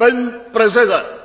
Pan prezydent.